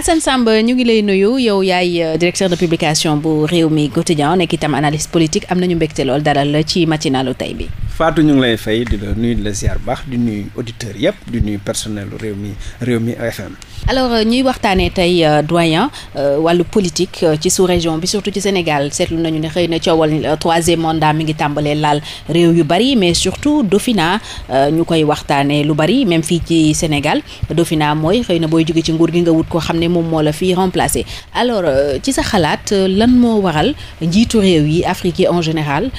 Assane Samb ñu ngi lay nuyu yow yaay euh, directeur de publication bu mi Quotidien nekk itam analyste politique am nañu mbégte lool dalal ci matinalu tey bi Fatou ñu ngi lay fay di la nuyu di la ziar baax di nuyu auditeurs yëpp personnel réew mi réew mi FM. alors euh, ñuy waxtaanee tey euh, doyen euh, wàllu politique ci sous région bi surtout ci Sénégal seetlu nañu ne xëy na coowal troisième mandat mi ngi tàmbalee laal réew yu bari mais surtout Dofina ñu koy waxtaanee lu bari même fii ci Sénégal Dofina mooy xëy na booy jóge ci nguur gi nga wut koo xam ne moom moo la fii remplacer alors ci sa xalaat lan moo waral njiitu réew yi Afrique yi général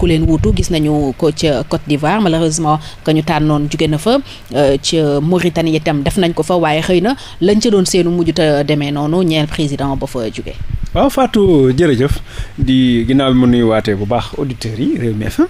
ku leen wuutu gis nañu ko ca Côte d'Ivoire malheureusement que ñu tànnoon jóge na fa euh, ca Mauritanie itam def nañ ko fa waaye xëy na lañ ca doon seenu mujj te demee noonu ñeel président ba fa jóge waaw Fatou jërëjëf di ginnaaw bi mu nuy waatee bu baax auditeurs yi Rewmi FM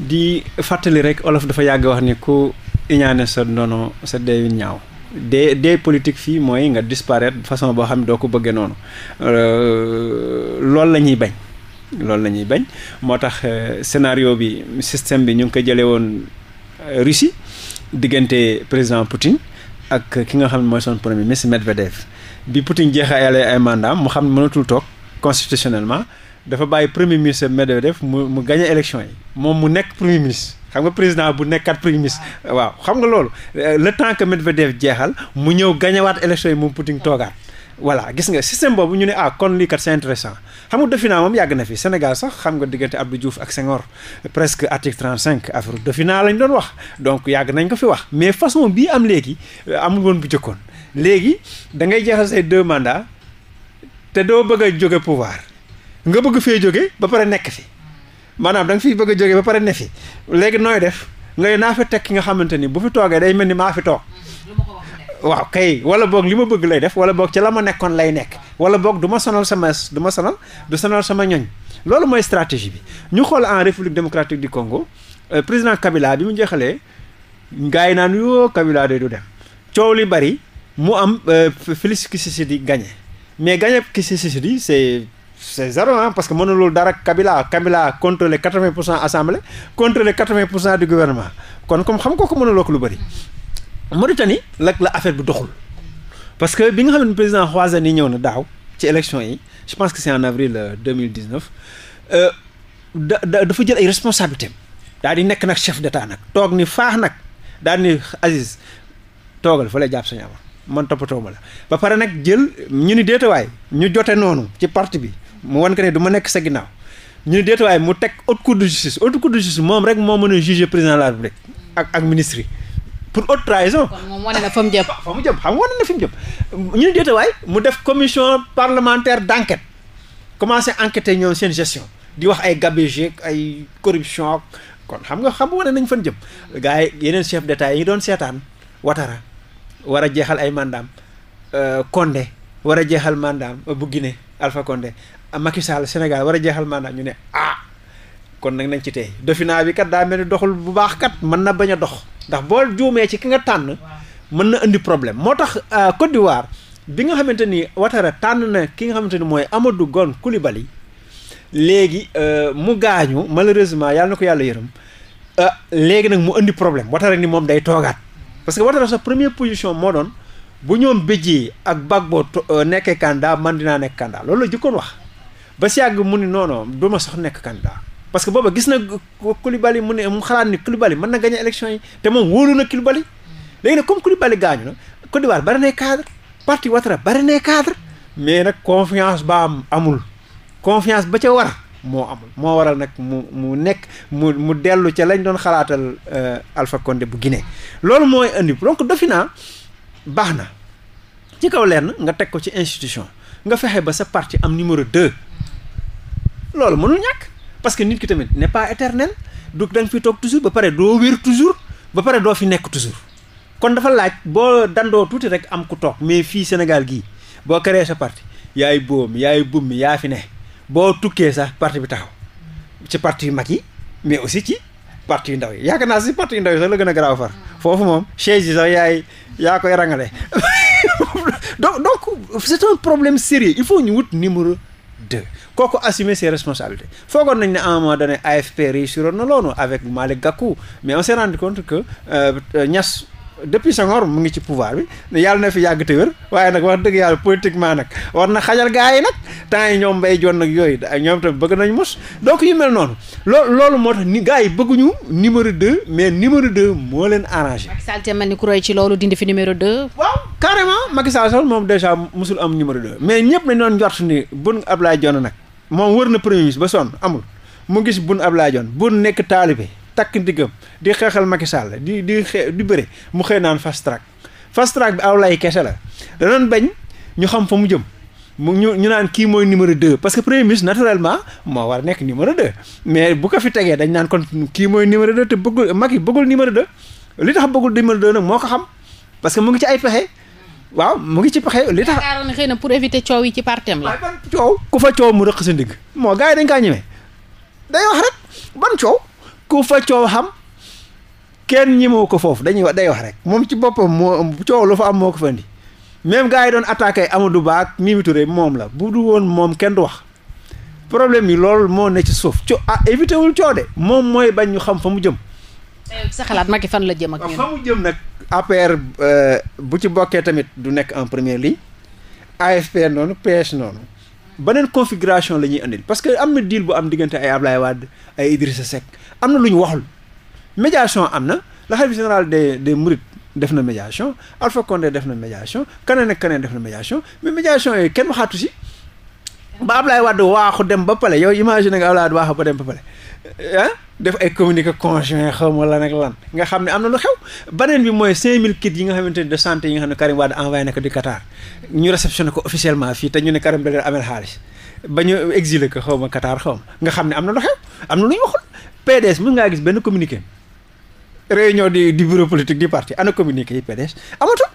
di fàttali rek olof dafa yàgg wax ni ku iñaane sa ndono sa deewi ñaaw dee dee politique fii mooy nga disparaître façon boo xam ne doo ko bëggee noonu euh, loolu la ñuy bañ loolu la ñuy bañ moo tax euh, scénario bi système bi ñu ngi ko jëlee woon euh, Russie diggante président Poutine ak ki nga xam ne mooy son premier ministre Medvedev bi Poutine jeexalee ay mandat mu xam ne mënatul toog constitutionnellement dafa bàyyi premier ministre Medvedev mu mu gagné élection yi moom mu nekk premier ministre xam nga président bu nekkaat premier ministre waaw xam nga loolu euh, le temps que Medvedev jeexal mu ñëw gagné waat yi moom Poutine toogaat. voilà gis nga système boobu ñu ne ah kon lii kat c'est intéressant xam nga Dofina moom yàgg na fi Sénégal sax xam nga diggante Abdou Diouf ak Senghor presque article 35 affaire Dofina lañ doon wax donc yàgg nañ ko fi wax mais façon bii am léegi euh, amul woon bu jëkkoon léegi da ngay jeexal say deux mandats te doo bëgg a jóge pouvoir nga bëgg fee jóge ba pare nekk fi maanaam da nga fiy bëgg a jóge ba pare ne fi léegi nooy def ngay naa fi teg ki nga xamante ni bu fi toogee day mel ni maa fi toog mm-hmm. waaw kay wala boog li ma bëgg lay def wala boog ci la ma nekkoon lay nekk wala boog du ma sonal sama du ma sonal sama ñoñ loolu mooy stratégie bi ñu xool en république démocratique di Congo euh, président Kabila bi mu jeexalee gars yi naan yoo Kabila de du dem coow li bari mu am euh, Félix Tshisekedi gagné mais gagné Tshisekedi c'est c'est zéro ah parce que mënulul dara Kabila Kabila contrôler quatre-vingt pour cent assemblée contrôler quatre-vingt pour cent du gouvernement kon comme xam ko ko mënuloo ko lu bari Mauritanie nag la affaire bi doxul parce que bi nga xam ne président ni ñëw na daaw ci élection yi je pense que c'est en avril 2019 euh, euh, da da dafa jël ay responsabilités daal di nekk nag chef d'état nag toog ni faax nag daal ni Aziz toogal fa lay jàpp sañu ama man toppatoo ma la ba pare nag jël ñu ni déetawaay ñu jote noonu ci parti bi mu wan ko ne du nekk sa ginnaaw ñu ni déetawaay mu teg haute cour de justice haute cour justice rek moo mën a juger président la République ak ak yi pour haute trahison. kon moom wane na fa mu jëm. fa mu jëm xam wane mu ñu ne déeta mu def commission parlementaire d' enquête commencé enquêter ñoom seen gestion di wax ay gabegie ay corruption kon xam nga xam wane nañ fan jëm. gars yi yeneen chef d' état yi doon seetaan watara war a jeexal ay mandaam euh, Condé war a jeexal manda bu Guinée Alpha Condé Macky Sall Sénégal war a jeexal mandaam ñu ne ah, kon nag nañ ci tey dafinaa bi kat daa mel ni doxul bu baax kat mën na bañ a dox ndax boo juumee ci ki nga tànn mën na indi problème moo tax euh, Côte d'Ivoire bi nga xamante ni Ouattara tànn na ki nga xamante ni mooy amadu Gon Coulibaly léegi euh, mu gaañu malheureusement yàlla na ko yàlla yërëm euh, léegi nag mu indi problème Ouattara ni moom day toogaat parce que Ouattara sa premier position moo doon bu ñoom Bédié ak bag Gbagbo nekkee candidat man dinaa nekk candidat loolu la jëkkoon wax ba si yàgg mu ni non non sax nekk candidat parce que booba gis na Koulibaly mu ne mu xalaat ni Koulibaly mën na gagné élection yi te moom wóolu na Koulibaly léegi nag comme Koulibaly gaañu na Côte d'Ivoire bari nay cadre parti Ouattara bari na cadre mais nag confiance ba am amul confiance ba ca war moo amul moo waral nag mu mu nekk mu mu dellu ca lañ doon xalaatal euh, Alpha Condé bu Guinée loolu mooy indi donc Dofina baax na ci kaw lenn nga teg ko ci institution nga fexe ba sa parti am numéro deux loolu mënul ñàkk parce que nit ki tamit ne pas éternel du da nga fi toog toujours ba pare doo wér toujours ba pare doo fi nekk toujours kon dafa laaj boo dandoo tuuti rek am ku toog mais fii Sénégal gii boo créé sa parti yaay boom yaay bummi yaa fi ne boo tukkee sax parti bi taxaw ci parti yu mag yi mais aussi ci parti yu ndaw yi yaakaar naa si parti yu ndaw yi sax gën a garaaw far foofu moom chaise yi yaay yaa koy rangale donc donc c'est un problème sérieux il faut ñu wut numéro kooku assumer ses foogoon nañ ne à un moment donné AFP réussiroon na loolu avec Malick Gakou mais on s'est rendu compte que euh, Niass depuis Senghor mu ngi ci pouvoir bi ne yàlla na fi yàgg te wér waaye nag wax dëgg yàlla politiquement nag war na xajal gars yi nag temps yi ñoom mbay joon nag yooyu ñoom tam bëgg nañ mos donc yu mel noonu loolu loolu moo tax ni gars yi bëgguñu numéro 2 mais numéro 2 moo leen arrangé. Macky Sall te mel ni ku roy ci loolu dindi fi numéro 2. waaw carrément Macky Sall sax moom dèjà musul am numéro mais ñëpp nañ doon njort ni bun Ablaye Dione nag. moom wër na premier ba sonn amul mu gis bun Ablaye Dione bun nekk taalibe takk ndiggam di xeexal Macky Sall di di xe di bëre mu xëy naan fast track fast track bi aw lay kese la danoon bañ ñu xam fa mu jëm mu ñu ñu naan kii mooy numéro deux parce que premier ministre naturellement moo war a nekk numéro deux mais bu ko fi tegee dañ naan kon kii mooy numéro deux te bëggul Macky bëggul numéro deux li tax bëggul numéro deux nag moo ko xam parce que mu ngi ci ay pexe waaw mu ngi ci pexe li tax yaakaaroon na xëy na pour éviter coow yi ci partem la. ban coow ku fa coow mu rëq sa ndigg moo gars yi dañ kaa ñemee day wax rek ban coow ku fa coow xam kenn ñemewu ko foofu dañuy wax day wax rek moom ci boppam moo coow lu fa am moo ko fa indi même gars yi doon attaqué Amadou du baax Mimi Touré moom la bu du woon moom kenn du wax problème yi loolu moo ne ci suuf co ah éviter wul coow de moom mooy bañ ñu xam fa mu jëm. sa xalaat Macky fan la jëm ak ñun. fa mu jëm nag APR euh, bu ci bokkee tamit du nekk en première ligne AFP noonu PS noonu neen configuration la ñuy andil parce que am na deal bu am diggante ay Ablaye Wade ay Idrissa Seck am na lu ñu waxul médiation am na la xalifa général des des def na médiation Alpha Condé def na médiation keneen ak keneen def na médiation mais médiation yooyu kenn xaatu si ba Ablaye Wade waaxu dem ba pale yow imagine nga Ablaye Wade waaxu ba dem ba pale ah def ay communiqué conjoint xaw ma lan ak lan nga xam ne am na lu xew beneen bi mooy 5000 kits yi nga xamante ne de santé yi nga xam ne Karim Wade envoyé na ko du Qatar ñu réceptionné ko officiellement fii te ñu ne Karim da leen xaw ma Qatar xaw ma nga xam ne am na lu am na lu ñu ngaa gis benn communiqué réunion du du bureau politique du parti ana communiqué yi PDS amatul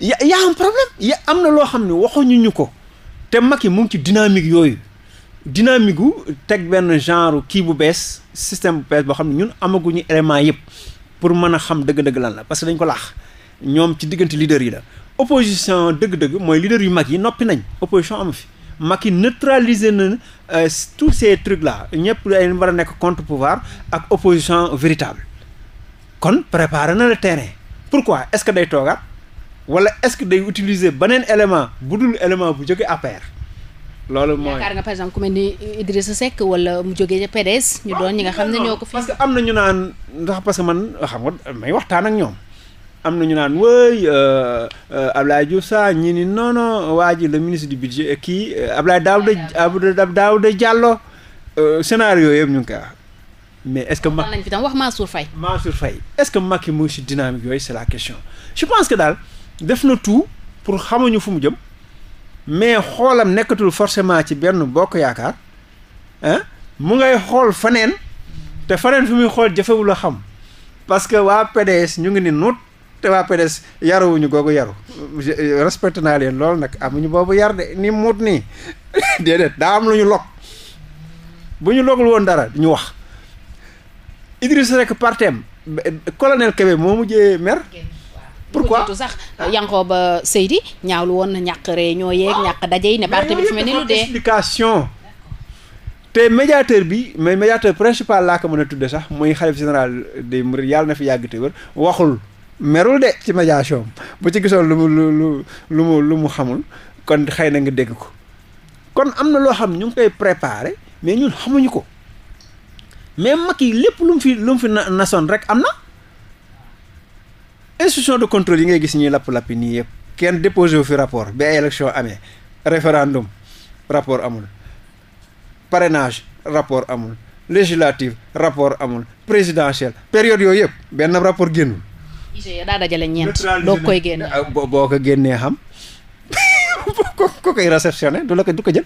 ya yaa am am na loo xam ne waxuñu ñu ko te Macky mu ngi ci dynamique yooyu. dynamique teg benn genre kii bu bees système bu bees boo xam ne ñun amaguñu élément yëpp pour mën a xam dëgg-dëgg lan la parce que dañ ko laax ñoom ci diggante leader yi la opposition dëgg-dëgg mooy leader yu mag yi noppi nañ opposition amu fi Macky neutraliser na euh, tout ces trucs la ñëpp day war a nekk contre pouvoir ak opposition véritable kon préparer na le terrain pourquoi est-ce que day toogaat wala est-ce que day utiliser beneen élément bu dul élément bu jóge APR loolu mooy yaakaar nga par exemple ku mel ni Idrissa Seck wala mu jógee ca ñu doon ñi nga xam ne ñoo ko fi. parce que am na ñu naan ndax parce que man xam nga may waxtaan ak ñoom. am na ñu naan wëy euh, euh, Abdoulaye Diouf Sarr ñii ni non non waa ji le ministre du budget euh, kii Abdoulaye Daouda Abdoulaye Daouda Diallo scénario yëpp ñu ngi koy wax mais est ce que. ma nañ fi tam wax Mansour Faye. Mansour Faye est ce que Macky mu ngi si dynamique yooyu c' la question je pense que daal def na tout pour xamuñu fu mu jëm. mais xoolam nekkatul forcément ci benn bokk yaakaar ah mu ngay xool faneen te faneen fi muy xool jafewul a xam parce que waa PDS ñu ngi ni nuut te waa PDS yaruwuñu googu yaru euh, respecté naa leen loolu nag amuñu boobu yar nii ni muut nii déedéet daa am lu ñu log bu ñu logul woon dara ñu wax Idriss rek partem colonel Kébé moo mujjee mer pourquoi ku sax Yankhoba Seydi ñaawlu woon na ñàkk réunion yeeg ah. ñàkk daje yi ne parti bi fi mel ni lu dee explication te médiateur bi mais médiateur principal laa ko mën a tudde sax muy xalif général des mourides yàlla na fi yàgg te waxul merul de ci médiation bu ci gisoon lu mu lu lu lu mu xamul kon xëy na nga dégg ko kon am na loo xam ñu ngi koy préparé mais ñun xamuñu ko mais mag yi lépp lu mu fi lu mu fi nasoon rek am na institution de contrôle yi ngay gis ñuy lapp-lapp nii yëpp kenn déposé fi rapport bi ay élection amee référendum rapport amul parrainage rapport amul législative rapport amul présidentielle période yooyu yëpp benn rapport génnul. IGE daa dajale ñeent doo ah, boo ko génnee xam ko koy réceptionné du la ko du ko jël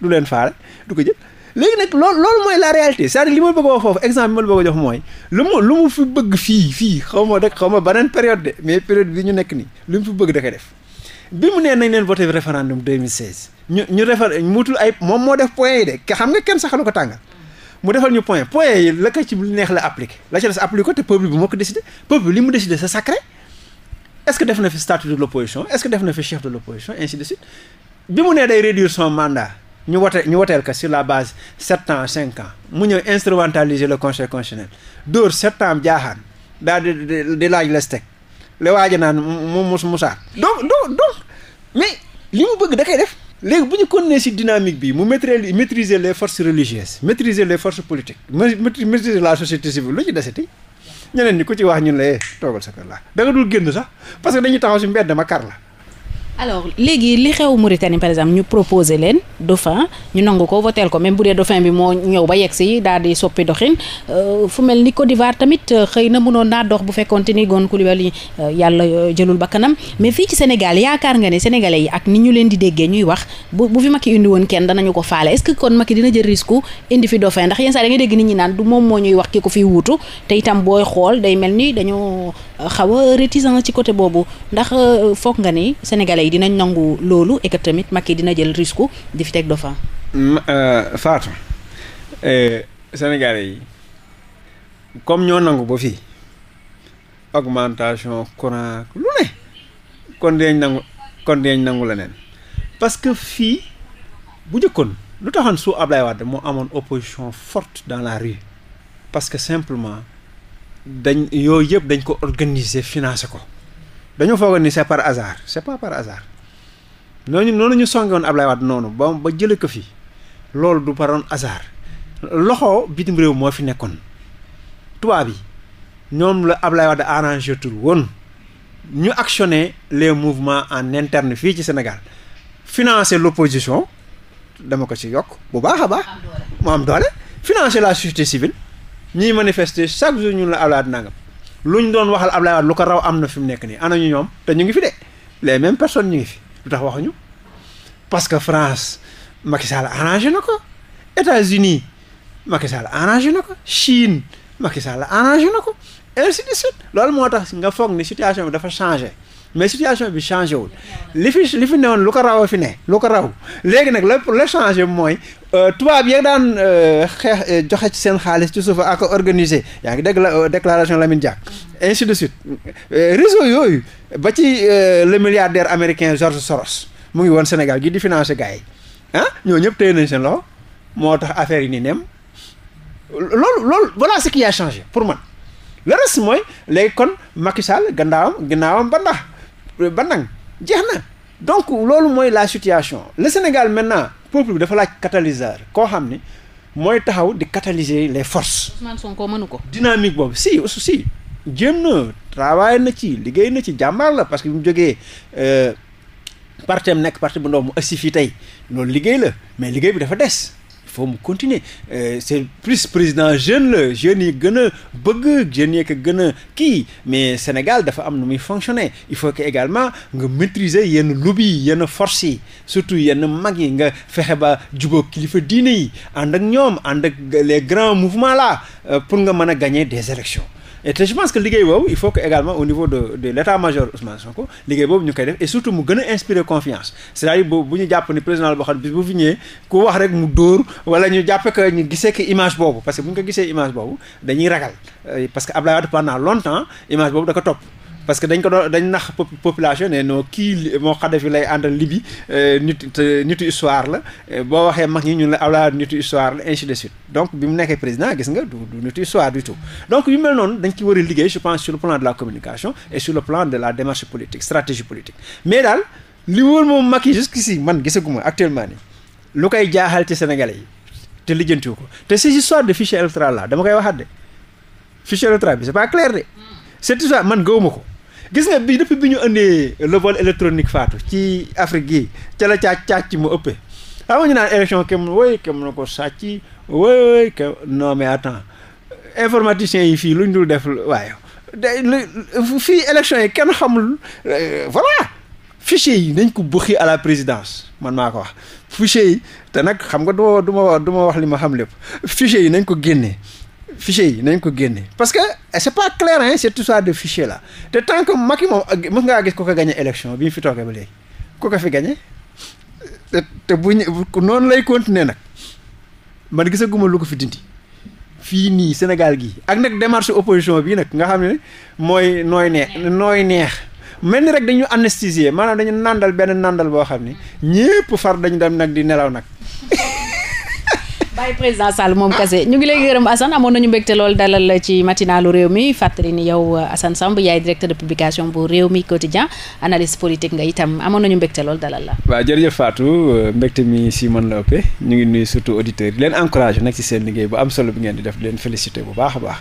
du leen faale du jël. léegi nag loolu loolu mooy la réalité cest à li ma bëgg a wax foofu exemple bi ma bëgg a jox mooy lu mu lu mu fi bëgg fii fii xaw ma rek xaw ma beneen période de mais période bi ñu nekk nii lu mu fi bëgg da koy def bi mu nee nañ leen voté référendum 2016 ñu ñu refa muutul ay moom moo def point yi de xam nga kenn saxalu ko tàngal mu defal ñu point point yi la ko ci neex la appliqué la ci des appliqué ko te peuple bi mu na fi statut de l'opposition est-ce que def na fi chef de l'opposition nee day réduire son mandat ñu wote ñu woteel ko sur la base sept ans cinq ans mu ñëw instrumentaliser le conseil constitutionnel dóor sept ans jaaxaan daal di di laaj les teg le waaja naan mu mus musaat donc donc donc mais li mu bëgg da def léegi bu ñu continuer si dynamique bi mu maîtriser maîtriser les forces religieuses maîtriser les forces politiques maîtriser la société civile lu ci deseti ñeneen ñi ko ci wax ñun la eh, toogal sa la da nga dul génn sax parce que dañuy taxaw ci mbedd ma kar la alors léegi li xew Mauritanie par exemple ñu proposé leen dauphin ñu nangu ko voteel ko même bu dee dauphin bi moo ñëw ba yegg si daal di soppi doxin euh, fu mel ni Côte d'Ivoire tamit euh, xëy na mënoon naa dox bu fekkonte ni Gon Coulibaly euh, yàlla jëlul bakkanam mais fii ci Sénégal yaakaar nga ne sénégalais yi ak ni ñu leen di déggee ñuy wax bu bu fi Macky indi woon kenn danañu ko faale est-ce que kon dina jël risque indi fi dauphin ndax yenn saa da nga dégg nit ñi naan du moom moo ñuy wax ki ko fiy te itam booy xool day mel ni dañoo xaw a réticent ci côté boobu ndax euh, foog nga ni sénégalais yi dinañ nangu loolu et tamit mag Macky dina jël risque di fi teg dauphin. Euh, Fatou eh, sénégalais yi comme ñoo nangu ba fii augmentation courant lu ne kon dinañ nangu leneen parce que fii bu njëkkoon lu taxan su Ablaye Wade moo amoon opposition forte dans la rue parce que simplement. dañ yooyu yëpp dañ ko organiser financer ko dañoo foogoon ni c'est par hasard c'est pas par hasard noonu noonu ñu songewoon Ablaye Wade noonu ba ba jëlee ko fi loolu du paroon hasard loxo bitim réew moo fi nekkoon tubaab yi ñoom la Ablaye Wade arrangé tur woon ñu actionner les mouvements en interne fii ci Sénégal financer l'opposition dama ko si yokk bu baax a baax. mu am doole financer la société civile. ñiy manifester chaque jour ñun la Ablaye Wade nangam lu ñu doon waxal Ablaye Wade lu ko raw am na fi mu nekk nii ana ñu ñoom te ñu ngi fi de les mêmes personnes ñu ngi fi lu tax waxuñu parce que France Macky Sall arrangé na ko États-Unis Macky Sall arrangé na Chine Macky Sall arrangé na ko de suite loolu moo tax nga foog ni situation bi dafa changé. mais situation bi changé wul li fi li fi newoon lu ko raw a fine lu ko raw léegi nag la la changé mooy euh, tubaab yeeg daan euh, xeex euh, joxe ci seen xaalis ci suuf ak organiser yaa ngi dégg la déclaration Lamine Diack ainsi de suite réseau yooyu ba ci le milliardaire américain George Soros mu ngi woon Sénégal gi di financé gars yi ah ñoo ñëpp téye nañ seen loxo moo tax affaire yi nii nem loolu loolu voilà ce qui a changé pour man la reste mooy léegi kon Macky Sall gannaawam gannaawam ba Euh, ba nang jeex na donc loolu mooy la situation le Sénégal maintenant peuple bi dafa laaj catalyseur koo xam ni mooy taxaw di catalyser les force Ousmane Sonko mënu ko. dynamique boobu si si jéem na travail na ci liggéey na ci jàmbaar la parce que mu jógee euh, partem nekk parti bu ndaw mu agsi fii tey loolu liggéey la mais liggéey bi dafa des. faut mu continuer euh, c'est plus président jeune la jeunes yi gën a bëgg jeunes yi ko gën a kii mais Sénégal dafa am nu muy fonctionner il faut que également nga maîtriser yenn lubi yi yenn force yi surtout yenn mag yi nga fexe ba jubóo kilifa diine yi ànd ak ñoom ànd ak les grands mouvements la euh, pour nga mën a gagner des élections et te je pense que liggéey boobu il faut que également au niveau de de l' état major Ousmane liggéey boobu ñu koy def et surtout mu gën a inspirer confiance c' à dire bu ñu jàpp ni président boo xam ne bis bu fi ñëwee ku wax rek mu dóor wala ñu jàppe ñu gisee que image boobu parce que bu ñu ko gisee image boobu dañuy ragal euh, parce que Abdoulaye Wade pendant longtemps image boobu da ko topp parce que dañ ko doon dañ nax population ne non kii moo Kadhafi lay àndal Libye euh, nit nitu histoire la euh, boo waxee mag ñi ñun la awlaa nitu histoire la ainsi de suite donc bi mu nekkee président gis nga du du nitu histoire du tout donc yu mel noon dañ ci war liggéey je pense sur le plan de la communication le plan de la démarche politique stratégie politique mais daal li wóor moom Macky jusqu'ici man gisaguma actuellement nii lu koy jaaxal ci Sénégalais yi te lijjantiwu ko te ces histoires de fichier électoral dama koy waxaat de fichier électoral bi c'est pas clair de cette histoire man gëwuma ko gis nga bi depuis bi ñu indee le vote électronique faatu ci Afrique gi ca la caac caac mu ëppee xam nga ñu naan élection kenn woy kenn na ko sàcc woy woy kenn non mais attends informaticien yi fii lu ñu dul def waaye fii élection yi kenn xamul euh, voilà fichier yi nañ ko xii à la présidence man maa ko wax fichier yi te nag xam nga du ma du ma wax li ma xam lépp fichier yi nañ ko génnee fichier yi nañ ko génne parce que c'est pas clair hein cette histoire de fichier la te tant que Macky moom euh, mën ngaa gis ko ko gagné élection bi ñu fi toogee ba léegi ku ko fi gagné euh, te bu ñu noonu lay continuer nag man gisaguma lu ko fi dindi fii nii Sénégal gii ak nag démarche opposition bii nag nga xam ne mooy nooy neex nooy neex mel ni rek dañu anesthésier maanaam dañu nandal benn nàndal boo xam ne ñépp far dañu dem nag di nelaw nag bàyyi président Sall moom kese ñu ngi lay gërëm Assane amoon nañu mbégte lool dalal ci matinalu réew mi fàttali ni yow euh, Assane Samb yaay directeur de publication bu réew mi quotidien analyse politique nga itam amoon nañu mbégte lool dalal la. waaw jërëjëf Fatou euh, mbégte mi si man la ëppee ñu ngi nuy surtout auditeurs yi leen encouragé nag ci seen liggéey bu am solo bi ngeen di def leen félicité bu baax a baax.